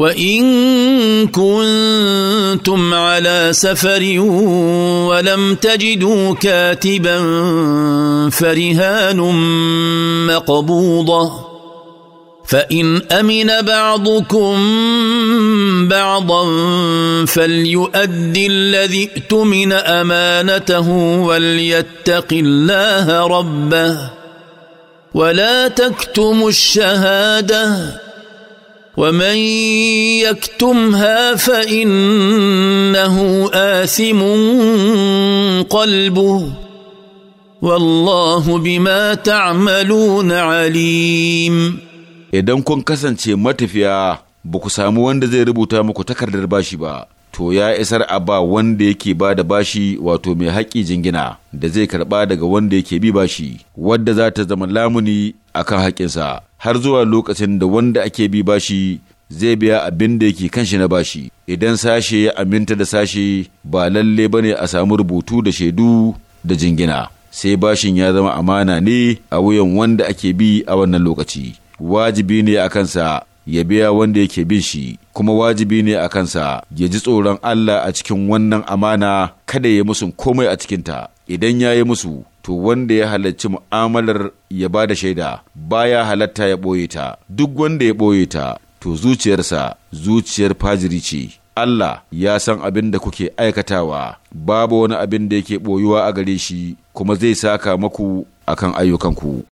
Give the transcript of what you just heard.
وان كنتم على سفر ولم تجدوا كاتبا فرهان مقبوضه فان امن بعضكم بعضا فليؤد الذي اؤتمن امانته وليتق الله ربه ولا تكتموا الشهاده ومن يكتمها فانه اثم قلبه والله بما تعملون عليم idan kun kasance matafiya ba ku samu wanda zai rubuta muku takardar bashi ba to ya isar a ba wanda yake ba da bashi wato mai haƙƙi jingina da zai karɓa daga wanda yake bi bashi wadda za ta zama lamuni akan haƙƙinsa har zuwa lokacin da wanda ake bi bashi zai biya abin da yake kanshi na bashi idan sashe ya aminta da sashe ba lalle ba ne a samu rubutu da shaidu da jingina sai bashin ya zama amana ne a wuyan wanda ake bi a wannan lokaci wajibi ne a kansa ya biya wanda yake bin shi kuma wajibi ne a kansa ya ji tsoron Allah a cikin wannan amana kada ya musu komai a cikinta idan ya yi musu to wanda ya halarci mu'amalar ya ba da shaida baya halatta ya ɓoye ta duk wanda ya ɓoye ta to zuciyarsa zuciyar fajiri ce Allah ya san abin da kuke aikatawa babu wani abin da yake ɓoyuwa a gare shi kuma zai saka maku akan ayyukanku